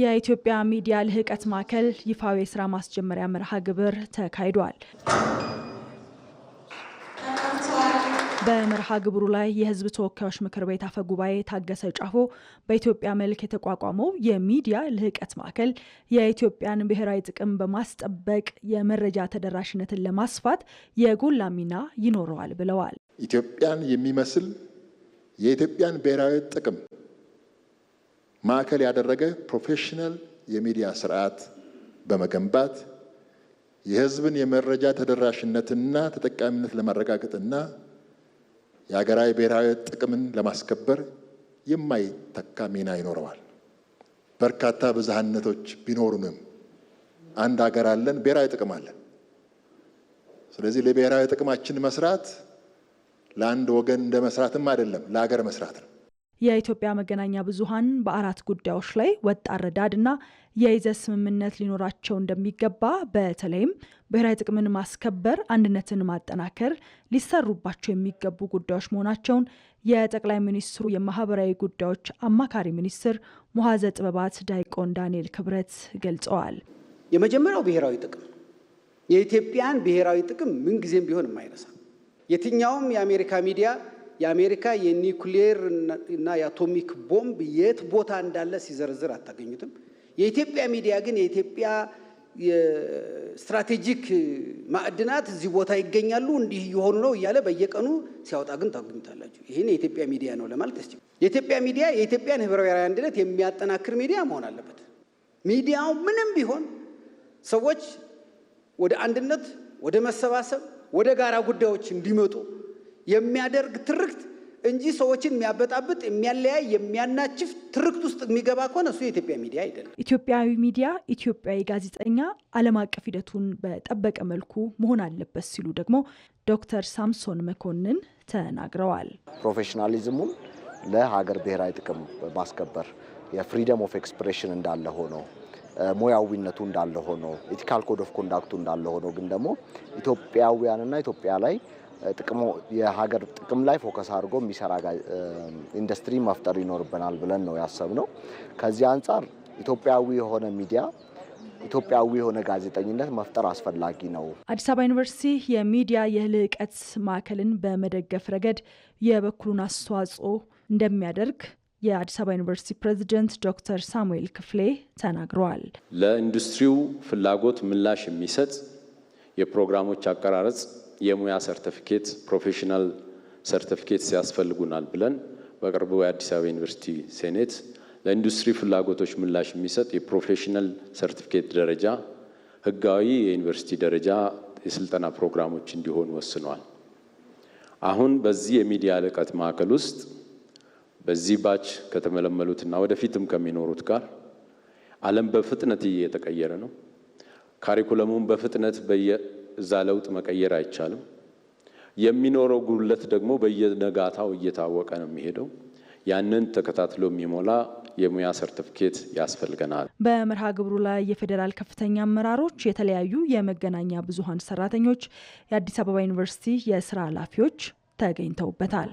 የኢትዮጵያ ሚዲያ ልህቀት ማዕከል ይፋዊ የስራ ማስጀመሪያ መርሃ ግብር ተካሂዷል። በመርሃ ግብሩ ላይ የህዝብ ተወካዮች ምክር ቤት አፈ ጉባኤ ታገሰ ጫፎ በኢትዮጵያ መልክ የተቋቋመው የሚዲያ ልህቀት ማዕከል የኢትዮጵያን ብሔራዊ ጥቅም በማስጠበቅ የመረጃ ተደራሽነትን ለማስፋት የጎላ ሚና ይኖረዋል ብለዋል። ኢትዮጵያን የሚመስል የኢትዮጵያን ብሔራዊ ጥቅም ማዕከል ያደረገ ፕሮፌሽናል የሚዲያ ስርዓት በመገንባት የህዝብን የመረጃ ተደራሽነትና ተጠቃሚነት ለማረጋገጥና የሀገራዊ ብሔራዊ ጥቅምን ለማስከበር የማይተካ ሚና ይኖረዋል። በርካታ ብዝሃነቶች ቢኖሩንም አንድ ሀገር አለን፣ ብሔራዊ ጥቅም አለን። ስለዚህ ለብሔራዊ ጥቅማችን መስራት ለአንድ ወገን እንደ መስራትም አይደለም፣ ለሀገር መስራት ነው። የኢትዮጵያ መገናኛ ብዙሃን በአራት ጉዳዮች ላይ ወጥ አረዳድና የይዘት ስምምነት ሊኖራቸው እንደሚገባ በተለይም ብሔራዊ ጥቅምን ማስከበር፣ አንድነትን ማጠናከር ሊሰሩባቸው የሚገቡ ጉዳዮች መሆናቸውን የጠቅላይ ሚኒስትሩ የማህበራዊ ጉዳዮች አማካሪ ሚኒስትር ሙሐዘ ጥበባት ዳይቆን ዳንኤል ክብረት ገልጸዋል። የመጀመሪያው ብሔራዊ ጥቅም የኢትዮጵያን ብሔራዊ ጥቅም ምንጊዜም ቢሆን የማይረሳ የትኛውም የአሜሪካ ሚዲያ የአሜሪካ የኒውክሌር እና የአቶሚክ ቦምብ የት ቦታ እንዳለ ሲዘርዝር አታገኙትም። የኢትዮጵያ ሚዲያ ግን የኢትዮጵያ ስትራቴጂክ ማዕድናት እዚህ ቦታ ይገኛሉ እንዲህ እየሆኑ ነው እያለ በየቀኑ ሲያወጣ ግን ታገኙታላችሁ። ይህን የኢትዮጵያ ሚዲያ ነው ለማለት ስ የኢትዮጵያ ሚዲያ የኢትዮጵያን ሕብረ አንድነት የሚያጠናክር ሚዲያ መሆን አለበት። ሚዲያው ምንም ቢሆን ሰዎች ወደ አንድነት፣ ወደ መሰባሰብ፣ ወደ ጋራ ጉዳዮች እንዲመጡ የሚያደርግ ትርክት እንጂ ሰዎችን የሚያበጣብጥ የሚያለያይ የሚያናችፍ ትርክት ውስጥ የሚገባ ከሆነ እሱ የኢትዮጵያ ሚዲያ አይደለም። ኢትዮጵያዊ ሚዲያ፣ ኢትዮጵያዊ ጋዜጠኛ ዓለም አቀፍ ሂደቱን በጠበቀ መልኩ መሆን አለበት ሲሉ ደግሞ ዶክተር ሳምሶን መኮንን ተናግረዋል። ፕሮፌሽናሊዝሙን ለሀገር ብሔራዊ ጥቅም ማስከበር የፍሪደም ኦፍ ኤክስፕሬሽን እንዳለ ሆኖ ሙያዊነቱ እንዳለ ሆኖ ኢቲካል ኮድ ኦፍ ኮንዳክቱ እንዳለ ሆኖ ግን ደግሞ ኢትዮጵያውያንና ኢትዮጵያ ላይ ጥቅሙ የሀገር ጥቅም ላይ ፎከስ አድርጎ የሚሰራ ኢንዱስትሪ መፍጠር ይኖርብናል ብለን ነው ያሰብነው። ከዚህ አንጻር ኢትዮጵያዊ የሆነ ሚዲያ ኢትዮጵያዊ የሆነ ጋዜጠኝነት መፍጠር አስፈላጊ ነው። አዲስ አበባ ዩኒቨርሲቲ የሚዲያ የልዕቀት ማዕከልን በመደገፍ ረገድ የበኩሉን አስተዋጽኦ እንደሚያደርግ የአዲስ አበባ ዩኒቨርሲቲ ፕሬዚደንት ዶክተር ሳሙኤል ክፍሌ ተናግረዋል። ለኢንዱስትሪው ፍላጎት ምላሽ የሚሰጥ የፕሮግራሞች አቀራረጽ የሙያ ሰርተፍኬት ፕሮፌሽናል ሰርተፍኬት ያስፈልጉናል ብለን በቅርቡ የአዲስ አበባ ዩኒቨርሲቲ ሴኔት ለኢንዱስትሪ ፍላጎቶች ምላሽ የሚሰጥ የፕሮፌሽናል ሰርቲፊኬት ደረጃ ህጋዊ የዩኒቨርሲቲ ደረጃ የስልጠና ፕሮግራሞች እንዲሆን ወስኗል። አሁን በዚህ የሚዲያ ልዕቀት ማዕከል ውስጥ በዚህ ባች ከተመለመሉትና ወደፊትም ከሚኖሩት ጋር ዓለም በፍጥነት እየተቀየረ ነው። ካሪኩለሙን በፍጥነት እዛ ለውጥ መቀየር አይቻልም። የሚኖረው ጉድለት ደግሞ በየነጋታው እየታወቀ ነው የሚሄደው። ያንን ተከታትሎ የሚሞላ የሙያ ሰርቲፊኬት ያስፈልገናል። በመርሃ ግብሩ ላይ የፌዴራል ከፍተኛ አመራሮች፣ የተለያዩ የመገናኛ ብዙሀን ሰራተኞች፣ የአዲስ አበባ ዩኒቨርሲቲ የስራ ኃላፊዎች ተገኝተውበታል።